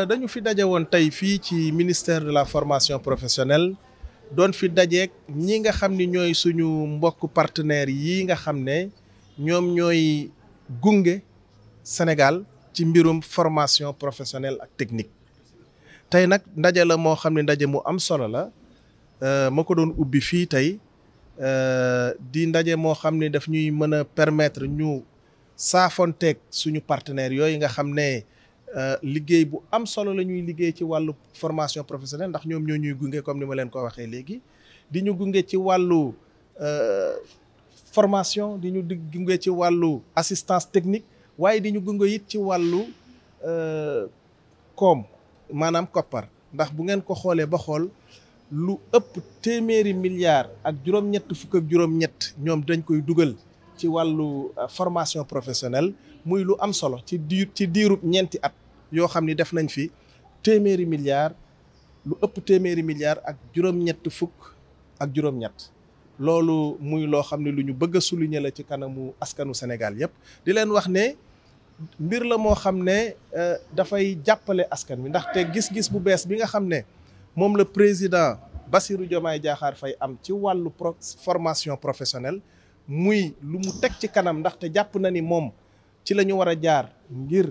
Euh, dañu fi daje woon tey fii ci ministère de la formation professionnelle doon fi dajeek ñi nga xam ni ñooy suñu mbokk partenaires yi nga xam ne ñoom ñooy gunge Sénégal ci mbirum formation professionnelle ak technique tey nag ndaje la moo xam ne ndaje mu am solo la euh, ma ko doon ubbi fii tey euh, di ndaje moo xam ne daf ñuy mën a permettre ñu saafonteeg suñu partenaires yooyu nga xam ne Euh, liggéey bu am solo la ñuy liggéey ci walu formation professionnelle ndax ñoom ñoo ñuy gunge comme ni ma leen ko waxee léegi di ñu gunge ci walu euh, formation di ñu gunge ci walu assistance technique waaye di ñu gunge it ci wàllu euh, kom maanaam koppar ndax bu ngeen ko xoolee ba xool lu ëpp téeméeri milliard ak juróom-ñett fukk ak juróom-ñett ñoom dañ koy dugal ci walu formation professionnelle muy lu am solo ci diir ci diirub ñeenti at yoo xam ni def nañ fi téeméeri milliards lu ëpp téeméeri milliards ak juróom-ñett fukk ak juróom-ñett loolu muy loo xam ne lu ñu bëgg a souligner la ci kanamu askanu Sénégal yépp di leen wax ne mbir la moo xam ne euh, dafay jàppale askan wi ndaxte gis-gis bu bees bi nga xam ne moom la président basiru Diomaye Diakhar fay am ci wàllu pro formation professionnelle muy lu mu teg ci kanam ndaxte jàpp na ni moom ci la ñu war a jaar ngir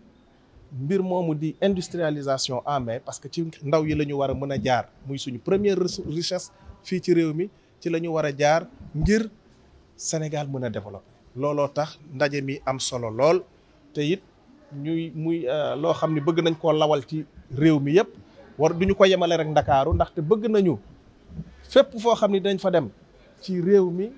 mbir moomu di industrialisation en parce que ci ndaw yi lañu ñu war a mën a jaar muy suñu première richesse fii ci réew mi ci la ñu war a jaar ngir Sénégal mën a développe looloo tax ndaje mi am solo lool te it ñuy muy euh, loo xam ne bëgg nañ koo lawal ci réew mi yëpp war duñu ko yemale rek ndakaaru ndaxte bëgg nañu fépp foo xam ni dañ fa dem ci réew mi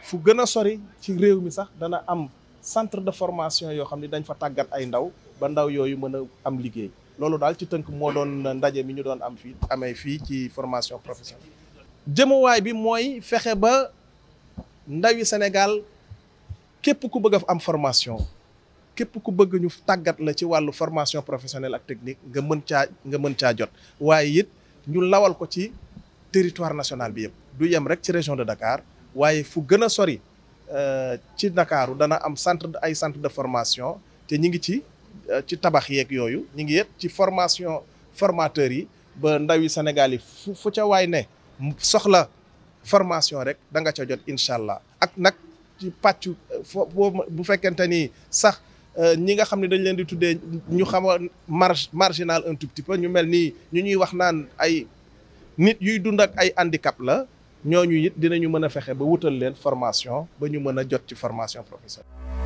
fu gën a sori ci réew mi sax dana am. centre de formation yoo xam ne dañ fa tàggat ay ndaw ba ndaw yooyu mën a am liggéey loolu daal ci tënk moo doon ndaje mi ñu doon am fii amee fii ci formation professionnelle. jëmawaay bi mooy fexe ba ndawi Sénégal képp ku bëgg a am formation képp ku bëgg ñu tàggat la ci wàllu formation professionnel ak technique nga mën caa nga mën caa jot waaye it ñu lawal ko ci territoire national bi yëpp du yem rek ci région de Dakar waaye fu gën a sori. Euh, ci Ndakaaru dana am centre ay centre de formation te ñi ngi ci euh, ci tabax yeeg yooyu ñi ngi yëpp ci formation formateurs yi ba ndawi Sénégal yi fu fu ca waay ne soxla formation rek da nga ca jot incha allah ak nag ci pàccu euh, bu fekkente ni sax ñi nga xam ne dañ leen di tuddee ñu xam a marge marginal un tout petit ñu mel nii ñu ñuy wax naan ay nit yuy dund ak ay handicap la ñooñu it dinañu mën a fexe ba wutal leen formation ba ñu mën a jot ci formation professionnelle